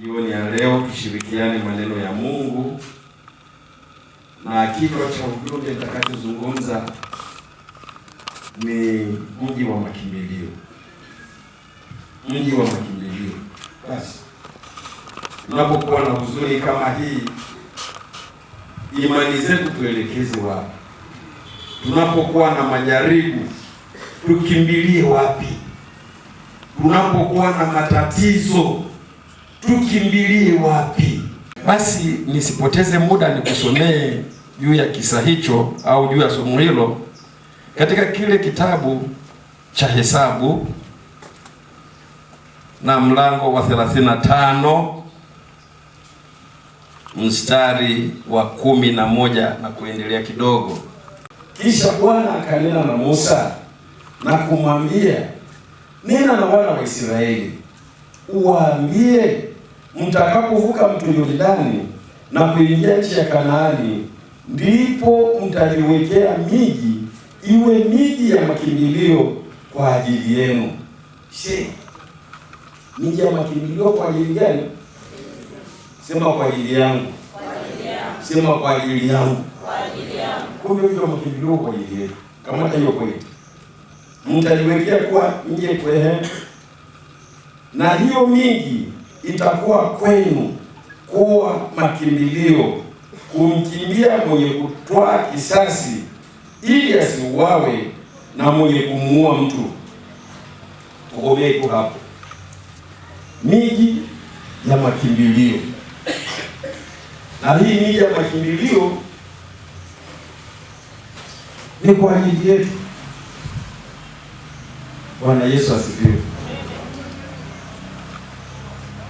jioni ya leo tushirikiane maneno ya Mungu na kichwa cha ujumbe nitakachozungumza ni mji wa makimbilio. Mji wa makimbilio. Basi tunapokuwa na huzuni kama hii, imani zetu tuelekeze wapi? Tunapokuwa na majaribu tukimbilie wapi? Tunapokuwa na matatizo tukimbilie wapi? Basi nisipoteze muda nikusomee juu ya kisa hicho au juu ya somo hilo katika kile kitabu cha Hesabu na mlango wa 35 mstari wa kumi na moja na kuendelea kidogo. Kisha Bwana akanena na Musa na kumwambia, nena na wana wa Israeli uwaambie mtakapovuka mto Yordani na kuingia nchi ya Kanaani, ndipo mtaliwekea miji iwe miji ya makimbilio kwa ajili yenu. She, miji ya makimbilio kwa ajili gani? Sema kwa ajili yangu, sema kwa ajili yangu. Kumbe mji wa makimbilio kwa ajili yenu, Kamata hiyo kwetu, mtaliwekea kuwa mji kwehe, na hiyo miji itakuwa kwenu kuwa makimbilio, kumkimbia mwenye kutwaa kisasi ili asiuawe na mwenye kumuua mtu. Tukomee tu hapo. Miji ya makimbilio, na hii miji ya makimbilio ni kwa ajili yetu. Bwana Yesu asifiwe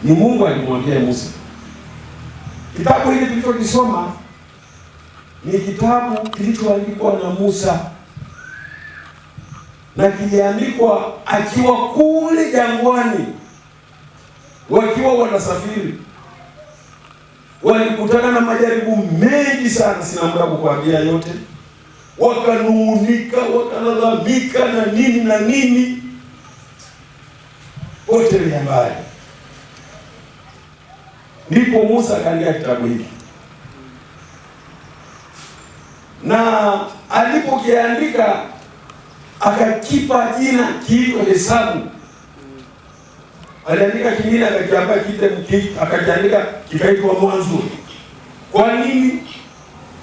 ni Mungu alimwambia Musa. Kitabu hili tulichokisoma ni kitabu kilichoandikwa na Musa na kiliandikwa akiwa kule jangwani, wakiwa wanasafiri walikutana na majaribu mengi sana, sina muda kukuambia yote. wakanuunika wakalalamika na nini na nini, wote ni ndipo Musa akaandika kitabu hiki, na alipokiandika akakipa jina kiitwa Hesabu. Aliandika kingine akakiamba kite, akakiandika kikaitwa Mwanzo. Kwa nini?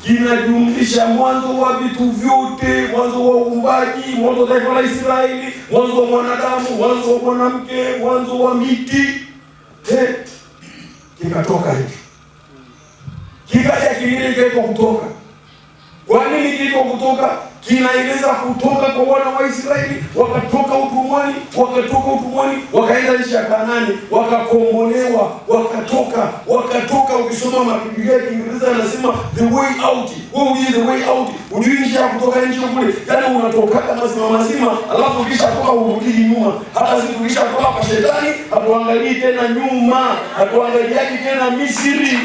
kinajumlisha mwanzo wa vitu vyote, mwanzo wa uumbaji, mwanzo wa taifa la Israeli, mwanzo wa mwanadamu, mwanzo wa mwanamke, mwanzo wa miti eh, kikatoka hicho kika cha kilini kutoka. Kwa nini kilipo kinaeleza kutoka kwa wana wa Israeli, wakatoka utumwani, wakatoka utumwani, wakaenda nchi ya Kanaani, wakakombolewa, wakatoka, wakatoka. Ukisoma mabibilia ya Kiingereza anasema the way out, wewe ujue the way out, ujue njia ya kutoka nchi kule, yaani unatoka mazima mazima, alafu kisha toka urudi nyuma. Hata sisi tulishatoka kwa shetani hatuangalii tena nyuma, hatuangaliaji tena Misri.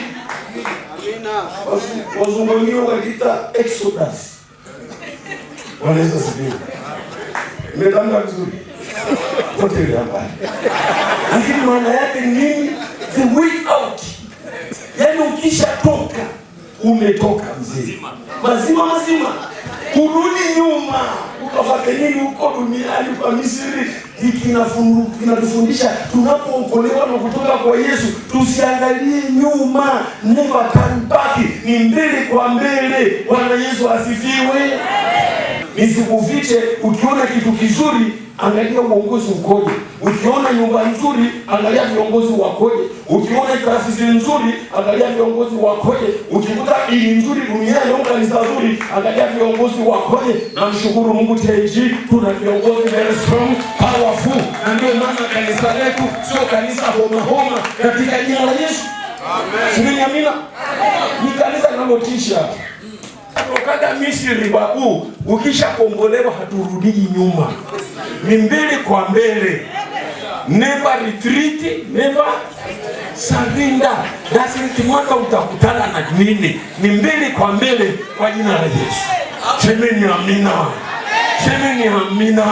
Amina, wazungu wenyewe wakaita Exodus Bwana Yesu asifiwe. Nimetamka vizuri pote ile hapa, lakini maana yake ni nini? The way out, yaani ukishatoka umetoka mzima mazima mazima, kurudi nyuma ukafate nini huko duniani kwa Misri. Kinatufundisha tunapookolewa na kutoka kwa Yesu tusiangalie nyuma, never turn back, ni mbele kwa mbele. Bwana Yesu asifiwe nisikufiche. Ukiona kitu kizuri, angalia uongozi ukoje. Ukiona nyumba nzuri, angalia viongozi wakoje. Ukiona taasisi nzuri, angalia viongozi wakoje. Ukikuta ili nzuri duniani au ni nzuri, angalia viongozi wakoje. Na mshukuru Mungu TAG, tuna viongozi very strong powerful, na ndio maana kanisa letu sio kanisa homa homa, katika jina la Yesu. Amen. Amina. Ni kanisa linalotisha kutokaga Misri wakuu, ukishakombolewa haturudii nyuma, ni mbele kwa mbele. Never retreat, never sarinda Lazima mwaka utakutana na nini? Ni mbele kwa mbele kwa jina la Yesu. Semeni amina, semeni amina.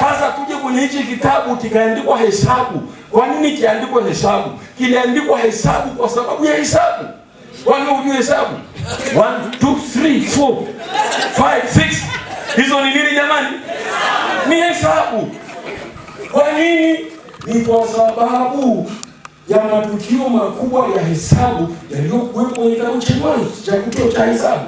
Sasa tuje kwenye hichi kitabu kikaandikwa Hesabu. Kwa nini kiandikwa Hesabu? Kiliandikwa Hesabu kwa sababu ya Hesabu. Wale ujue hesabu 1 2 3 4 5 6 hizo ni nini jamani? Ni hesabu. Kwa nini? Ni kwa sababu ya matukio makubwa ya hesabu yaliyokuwepo kwenye kitabu cha Mwanzo cha kituo cha hesabu.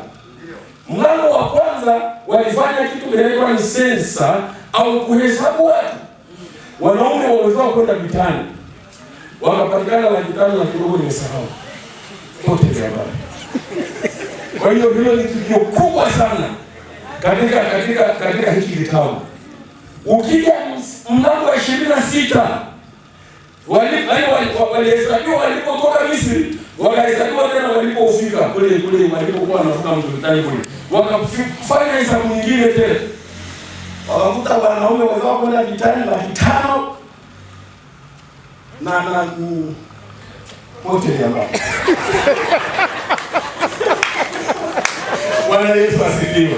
Mlango wa kwanza walifanya kitu kinaitwa sensa au kuhesabu watu. Wanaume wawezao kwenda vitani wakapatikana laki tano na kidogo, nimesahau vyote vya habari. Kwa hiyo hilo ni tukio kubwa sana katika katika katika hiki kitabu. Ukija mlango wa ishirini na sita walihesabiwa walipotoka Misri, wakahesabiwa tena walipofika kule kule walipokuwa wanavuka mto Yordani kule, wakafanya hesabu nyingine tena, wakakuta wanaume wazao kwenda vitani laki tano na na wote ni Bwana Yesu asifiwe.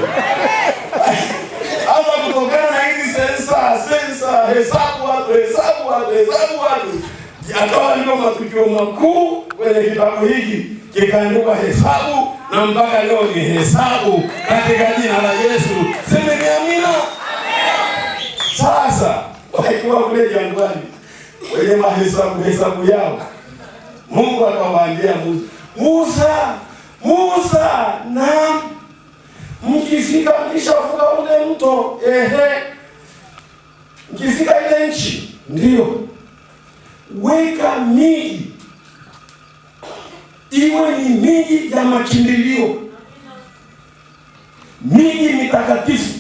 Hata kutokana na hizi sensa sensa, hesabu watu, hesabu watu, hesabu watu, yakawa ndio matukio makuu kwenye kitabu hiki, kikaandikwa hesabu na mpaka leo ni hesabu, katika jina la Yesu. Semeni amina. Sasa wakiwa kule jangwani wenye mahesabu hesabu yao Mungu akamwambia Musa, Musa, Musa, naam, mkifika mkishavuka ule mto, ehe, mkifika ile nchi, ndio weka miji iwe ni miji ya makimbilio, miji mitakatifu,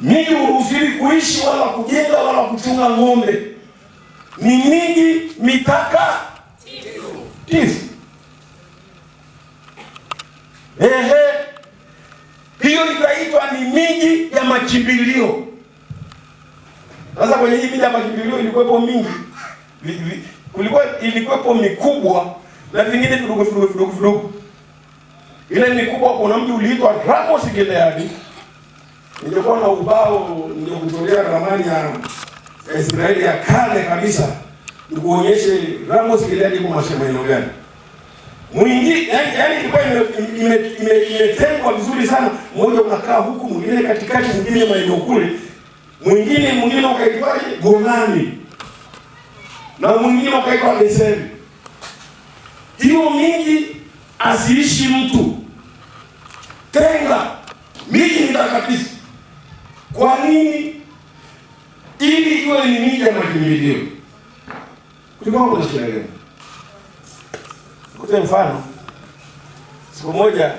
miji huruhusiwi kuishi wala kujenga wala kuchunga ng'ombe, ni miji mitaka hizi. Ehe, hiyo itaitwa ni miji ya machimbilio Sasa kwenye hii miji ya makimbilio ilikuwepo mingi, kulikuwa ilikuwepo mikubwa na vingine vidogo vidogo vidogo vidogo. Ile mikubwa, kuna mji uliitwa Ramos Gileadi. Nilikuwa na ubao ndio kutolea ramani ya Israeli ya kale kabisa tukuonyeshe Ramos Kiliani kwa maeneo gani mwingi, yaani ilikuwa imetengwa vizuri sana, mmoja unakaa huku, mwingine katikati, mwingine maeneo kule, mwingine mwingine ukaitwaje Gomani na mwingine ukaitwa Desemi. Hiyo miji asiishi mtu, tenga miji mitakatifu. Kwa nini? Ili iwe ni miji ya makimbilio Ulimwengu unaishi na elimu. mfano, siku moja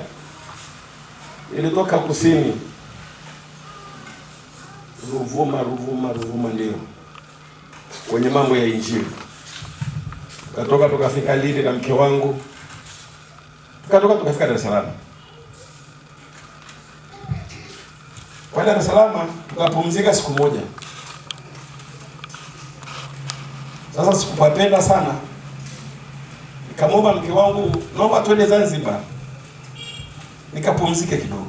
ilitoka kusini Ruvuma, Ruvuma, Ruvuma ndio kwenye mambo ya Injili. Tukatoka tukafika Lindi na mke wangu, tukatoka tukafika Dar es Salaam. Kwa Dar es Salaam tukapumzika siku moja. Sasa sikupapenda sana, nikamwomba mke wangu, naomba twende Zanzibar nikapumzike kidogo,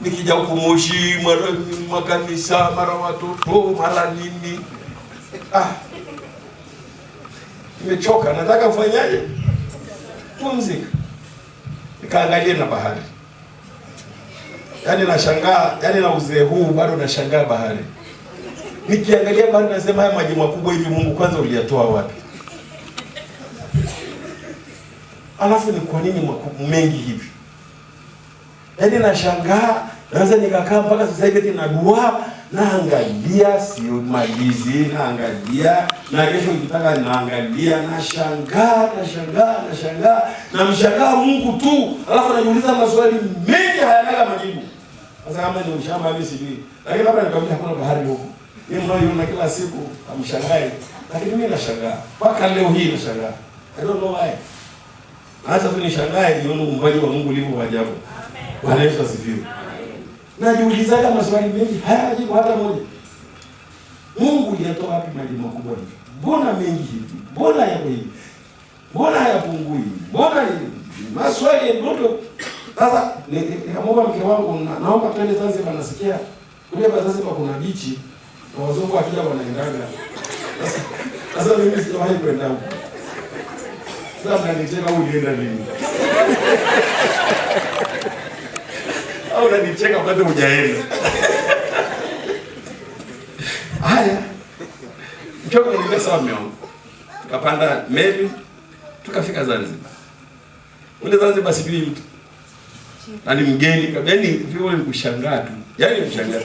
nikija huku Moshi mara makanisa mara watoto mara nini, ah, nimechoka, nataka ufanyaje? Pumzika. Nikaangalia na bahari, yaani nashangaa, yaani na uzee huu bado nashangaa bahari nikiangalia bado nasema haya maji makubwa hivi, Mungu kwanza uliyatoa wapi? Alafu ni kwa nini makubwa mengi hivi? Yaani nashangaa, naweza nikakaa mpaka sasa hivi eti nadua, naangalia simalizi, naangalia na kesho nikitaka naangalia, nashangaa nashangaa nashangaa, namshangaa Mungu tu, alafu najiuliza maswali mengi hayana majibu. Sasa kama ni mshamba hivi sijui, lakini hapa nikamwambia kuna bahari huko. Yeye mbayo na kila siku amshangae. Lakini mimi nashangaa. Mpaka leo hii nashangaa. I don't know why. Hata tu nishangae yule uumbaji wa Mungu ulivyo ajabu. Bwana Yesu asifiwe. Najiuliza kama maswali mengi hayajibu hata moja. Mungu yatoa wapi maji makubwa hivi? Mbona mengi hivi? Mbona yako hivi? Mbona hayapungui? Mbona maswali ya ndoto sasa nikamwomba mke wangu, naomba twende Zanzibar, nasikia kule Zanzibar kuna bichi na wazungu wakija wanaendaga. Sasa mimi sijawahi kwenda huko. Sasa mnanicheka, ulienda lini? au unanicheka bado hujaenda? Haya, mchoko nilikuwa sawa mmeona, tukapanda meli tukafika Zanzibar. kule Zanzibar sijui mtu na ni mgeni kabla, yani vile nikushangaa tu, yani mshangaa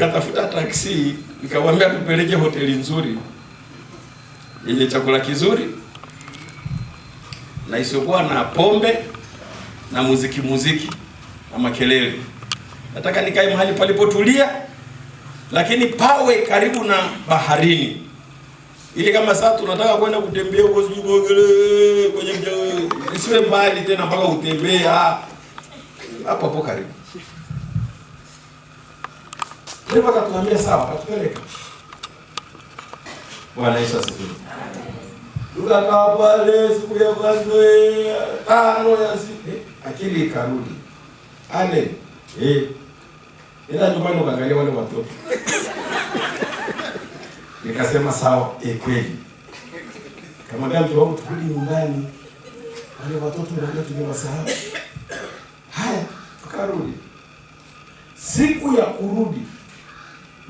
nikatafuta taksi, nikamwambia tupeleke hoteli nzuri yenye chakula kizuri na isiyokuwa na pombe na muziki muziki na makelele. Nataka nikae mahali palipotulia, lakini pawe karibu na baharini, ili kama sasa tunataka kwenda kutembea huko, sijui kuogelea kwenye mjao, isiwe mbali tena mpaka utembee hapo hapo karibu. Ndipo akatuambia sawa, akatupeleka. Bwana Yesu asifiwe. Tukakaa pale siku ya kwanza tano ya siku, eh, akili ikarudi. Ane, eh. Ila nyumbani ukaangalia wale watoto. Nikasema sawa, eh, kweli. Kamwambia mtu wangu tukuli nyumbani. Wale watoto ndio tumewasahau. Haya, tukarudi. Siku ya kurudi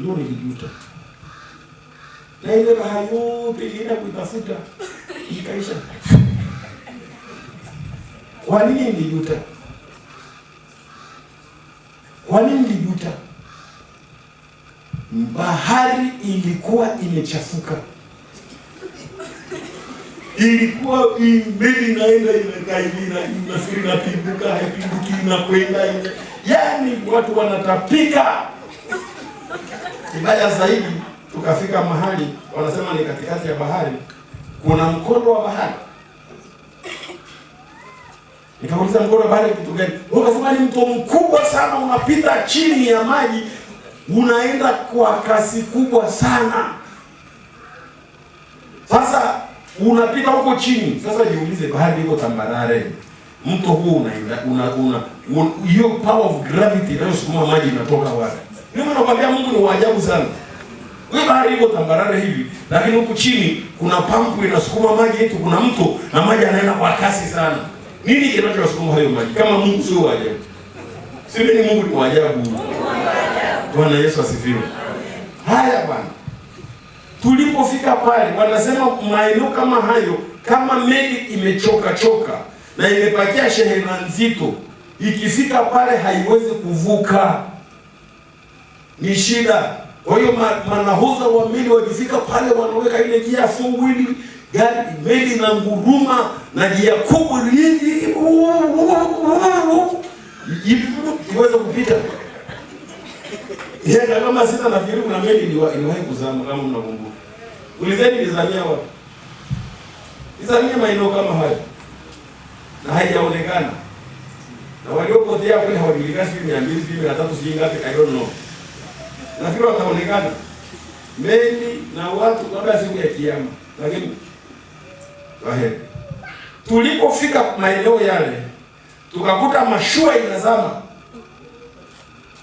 ndio nilijuta, na ile bahari yote ilienda kuitafuta ikaisha. Kwa nini nilijuta? Kwa nini nilijuta? Bahari ilikuwa imechafuka, ilikuwa mbili inaenda inainasiri inapinduka, haipinduki, inakwenda, yaani watu wanatapika. Kibaya zaidi tukafika mahali wanasema ni katikati ya bahari, kuna mkondo wa bahari. Nikauliza, mkondo wa bahari kitu gani? Wakasema ni mto mkubwa sana unapita chini ya maji, unaenda kwa kasi kubwa sana. Sasa unapita huko chini. Sasa jiulize, bahari iko tambarare, mto huo unaenda una, una, hiyo power of gravity inayosukuma maji inatoka wapi? Mimi nakwambia Mungu ni waajabu sana. Wewe bahari iko tambarare hivi, lakini huku chini kuna pampu inasukuma maji yetu, kuna mto na maji yanaenda kwa kasi sana. Nini kinachosukuma hayo maji? Kama Mungu sio waajabu. ajabu. Sisi ni Mungu ni waajabu. Bwana Yesu asifiwe. Haya bwana. Tulipofika pale wanasema maeneo kama hayo kama meli imechoka choka na imepakia shehena nzito ikifika pale haiwezi kuvuka ni shida. Kwa hiyo manahodha wa meli wakifika pale wanaweka ile jia fungu ili gari meli na nguruma na jia kubwa iweze kupita. Yenda kama sita na nafikiri kuna meli iliwahi kuzama kama mnakumbuka. Ulizeni nizamia wapi? Nizamia maeneo kama hayo. Na haijaonekana. Na waliopotea kule hawajulikani sijui mia mbili sijui mia tatu sijui ngapi I don't know nafikiri wataonekana meli na watu labda siku ya Kiama, lakini kwaheri. Tulipofika maeneo yale, tukakuta mashua inazama,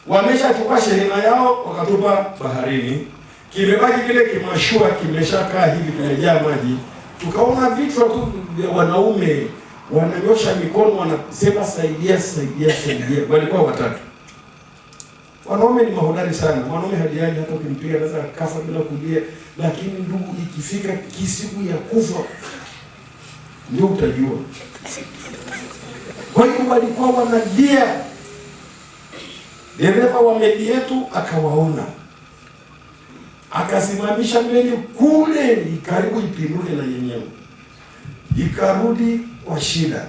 wameshachukua shehena yao wakatupa baharini. Kimebaki kile kimashua kimeshakaa hivi, kimejaa maji. Tukaona vichwa tu vya wanaume wananyosha mikono, wanasema saidia, saidia, saidia. Walikuwa watatu Wanaume ni mahodari sana. Mwanaume hajali hata ukimpiga naweza kafa bila kulia, lakini ndugu, ikifika kisiku ya kufa ndio utajua. Kwa hiyo walikuwa wanalia, dereva wa meli yetu akawaona, akasimamisha meli kule, ikaribu ipinuke na yenyewe ikarudi kwa shida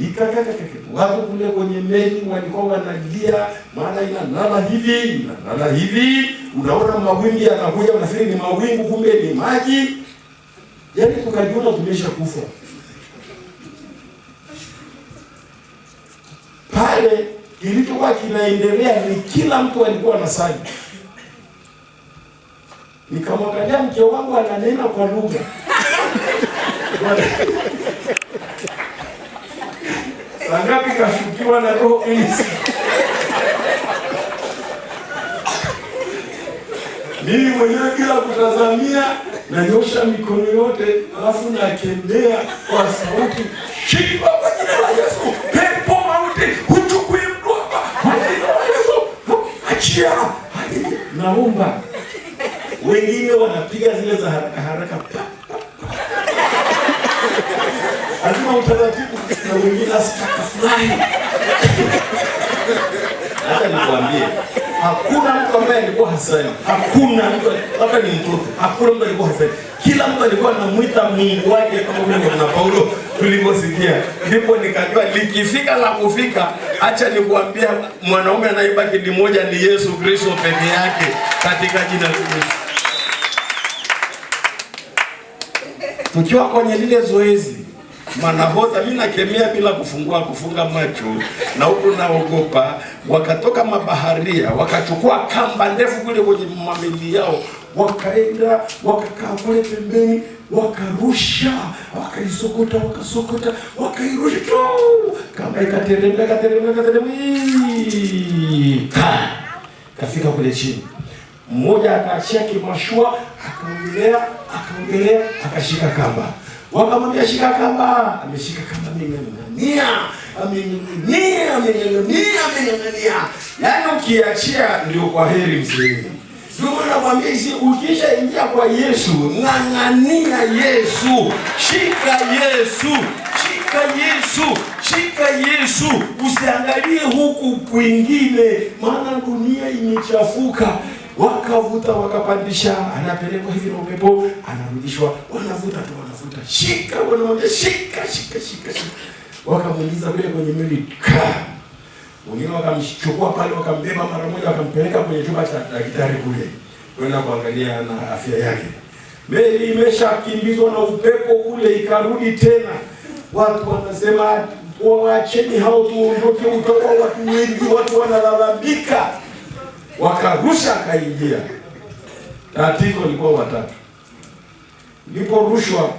ikakakakaka watu kule kwenye meli walikuwa wanalia, maana inalala hivi inalala hivi, unaona mawimbi yanakuja, unafikiri ni mawingu, kumbe ni maji. Yani tukajiona tumesha kufa pale. Kilichokuwa kinaendelea ni kila mtu alikuwa na sani Nikamwangalia mke wangu ananena kwa lugha Wangapi kashukiwa na roho ilisi? Mimi mwenyewe kila kutazamia nanyosha mikono yote, alafu nakemea kwa sauti, shiba kwa jina la Yesu, pepo mauti, huchukui mtu hapa kwa jina la Yesu, achia. Naomba wengine wanapiga zile za haraka haraka, lazima utaratibu na mwingine asitaka fulani. Hata nikwambie hakuna mtu ambaye alikuwa hasani, hakuna mtu labda ni mtoto, hakuna mtu alikuwa hasani. Kila mtu alikuwa anamwita Mungu wake, kama vile bwana Paulo tulivyosikia. Ndipo nikajua likifika la kufika, acha nikuambia, mwanaume anayebaki ni mmoja, ni Yesu Kristo peke yake, katika jina la Yesu. Tukiwa kwenye lile zoezi manahodha, mimi nakemea bila kufungua kufunga macho, na huku naogopa. Wakatoka mabaharia wakachukua kamba ndefu kule kwenye mameli yao, wakaenda wakakaa kule pembeni, wakarusha, wakaisokota, wakasokota, wakairusha tu, kamba ikateremka, ikateremka, ikateremka, kafika kule chini. Mmoja akaachia kimashua, akaongelea, akaongelea, akashika kamba wakamwambia shika kamba, ameshika kamba, ameng'ang'ania, ameng'ang'ania, ameng'ang'ania, ameng'ang'ania. Yaani ukiachia ndio kwa heri mzee. Nakwambia hizi, ukisha ingia kwa Yesu, ng'ang'ania Yesu, shika Yesu, shika Yesu, shika Yesu, usiangalie huku kwingine, maana dunia imechafuka wakavuta wakapandisha, anapelekwa hivi na upepo, anarudishwa, wanavuta tu wanavuta, shika, wanaambia shika, shika, shika, shika. Wakamuingiza vile kwenye meli wengine wakamchukua pale, wakambeba mara moja, wakampeleka kwenye chumba cha daktari kule kwenda kuangalia na afya yake. Meli imeshakimbizwa na upepo kule, ikarudi tena. Watu wanasema wawacheni hao tuondoke, utakuwa watu wengi, watu wanalalamika wakarusha akaingia. Tatizo likuwa watatu, rushwa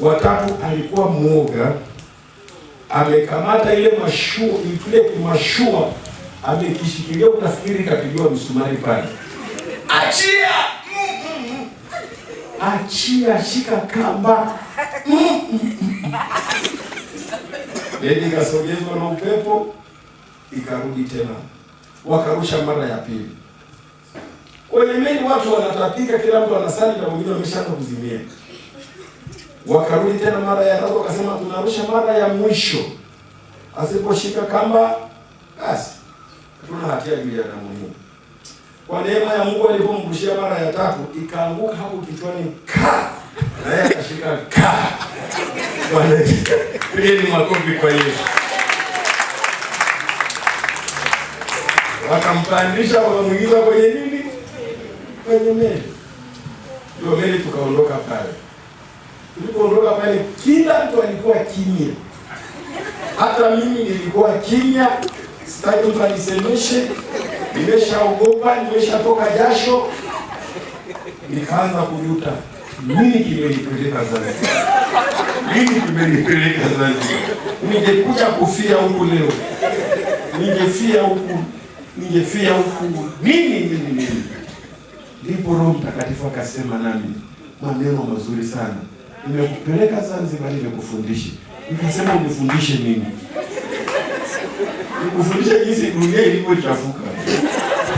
watatu alikuwa muoga, amekamata ile mashua, ile mashua amekishikilia, utafikiri kapigiwa msumari pale. Achia achia, shika kamba Beli ikasogezwa na upepo ikarudi tena wakarusha mara ya pili. Kwenye meli watu wanatapika, kila mtu anasali na mwingine ameshaanza kuzimia. Wakarudi tena mara ya tatu, wakasema tunarusha mara ya mwisho, asiposhika kamba basi tuna hatia juu ya damu hii. Kwa neema ya Mungu alipomrushia mara ya tatu, ikaanguka hapo kichwani ka na yeye akashika ka. Kwa nini makofi kwa Yesu? wakampandisha wakamwingiza kwenye nini, kwenye meli. Ndio meli tukaondoka pale. Tulipoondoka pale, kila mtu alikuwa kimya, hata mimi nilikuwa kimya, sitaki mtu anisemeshe, nimeshaogopa, nimeshatoka jasho. Nikaanza kujuta, nini kimenipeleka Zanzibar? Nini kimenipeleka Zanzibar? Ningekuja kufia huku leo, ningefia huku ningefia huku nini nini nini. Ndipo Roho Mtakatifu akasema nami maneno mazuri sana, nimekupeleka Zanzibar, nimekufundisha. Nikasema unifundishe nini? Nikufundishe jinsi dunia ilivyochafuka.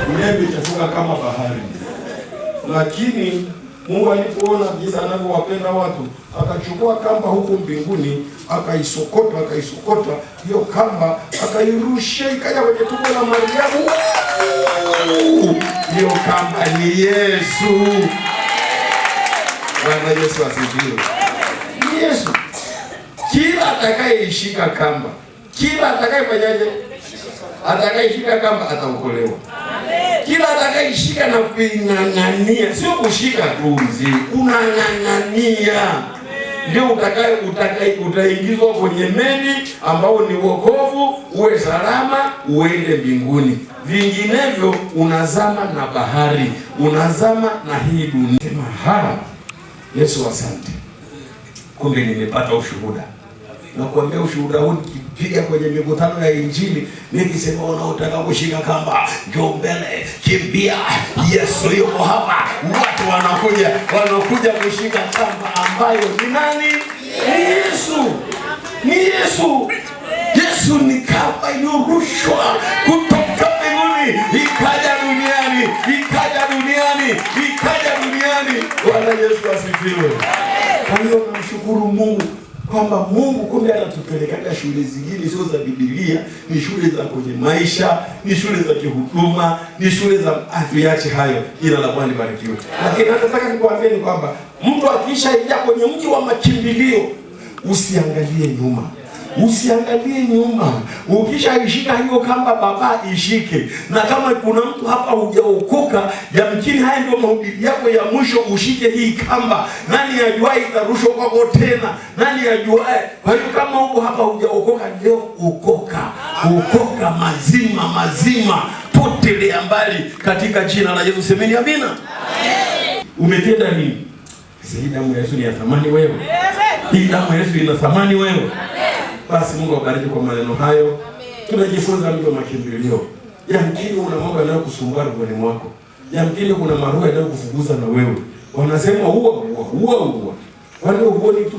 Dunia imechafuka kama bahari, lakini Mungu alipoona jinsi anavyowapenda watu, akachukua kamba huku mbinguni, akaisokota akaisokota hiyo kamba, akairusha ikaja kwenye tumbo la Mariamu. Hiyo kamba ni Yesu. Bwana Yesu asifiwe. Yesu. Kila atakayeishika kamba, kila atakayefanyaje, atakayeishika kamba ataokolewa ishika na kuing'ang'ania, sio kushika tu tumzi, unang'ang'ania ndio utakaye utakaye utaingizwa kwenye meli ambao ni wokovu, uwe salama, uende mbinguni. Vinginevyo unazama na bahari, unazama na hii dunia. Sema, Yesu asante, kumbe nimepata ushuhuda kuambia ushuhuda huu nikipiga kwenye mikutano ya Injili, nikisema wanaotaka kushika kamba njoo mbele, kimbia, Yesu yuko hapa. Watu wanakuja wanakuja kushika kamba ambayo ni nani? Ni Yesu, ni Yesu. Yesu ni kamba iliyorushwa kutoka mbinguni ikaja duniani, ikaja duniani, ikaja duniani. Bwana Yesu asifiwe. Kwa hiyo namshukuru Mungu kwamba Mungu kumbe anatupelekaga shule zingine sio za Biblia, ni shule za kwenye maisha, ni shule za kihuduma, ni shule za atuache hayo, jina la Bwana libarikiwe. Lakini nataka ni kwamba mtu akisha ingia kwenye mji wa makimbilio, usiangalie nyuma. Usiangalie nyuma. Ukishaishika hiyo kamba, baba ishike. Na kama kuna mtu hapa hujaokoka, yamkini haya ndio mahubiri yako ya mwisho, ushike hii kamba. Nani ajuae itarushwa kwako tena? Nani ajuae? Kwa hiyo kama uko hapa hujaokoka, leo ukoka ukoka mazima mazima, potelea mbali katika jina la Yesu. Semeni amina. Umetenda nini? Hii damu ya Yesu ni ya thamani wewe. Hii damu ya Yesu ina thamani wewe. Basi Mungu awabariki kwa maneno hayo Amen. Tunajifunza mtu makimbilio. Yamkini una mambo yanayokusumbua rohoni mwako, yamkini kuna maroho yanayokufukuza na wewe, wanasema huo huo huo huo, wale huoni tu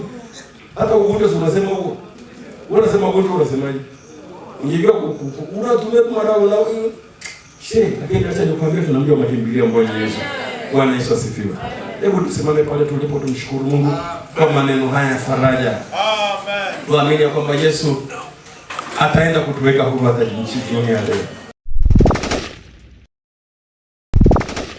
hata ugonjwa unasema huo, unasema ugonjwa, unasemaje? Ungejua unatumia tu madawa na wewe shehe, lakini acha nikwambie, tunamjua makimbilio Bwana Yesu. Bwana Yesu asifiwe. Hebu tusimame pale tulipo, tumshukuru Mungu kwa maneno haya ya faraja. Tuamini ya kwamba Yesu ataenda kutuweka huru hata jinsi jioni ya leo.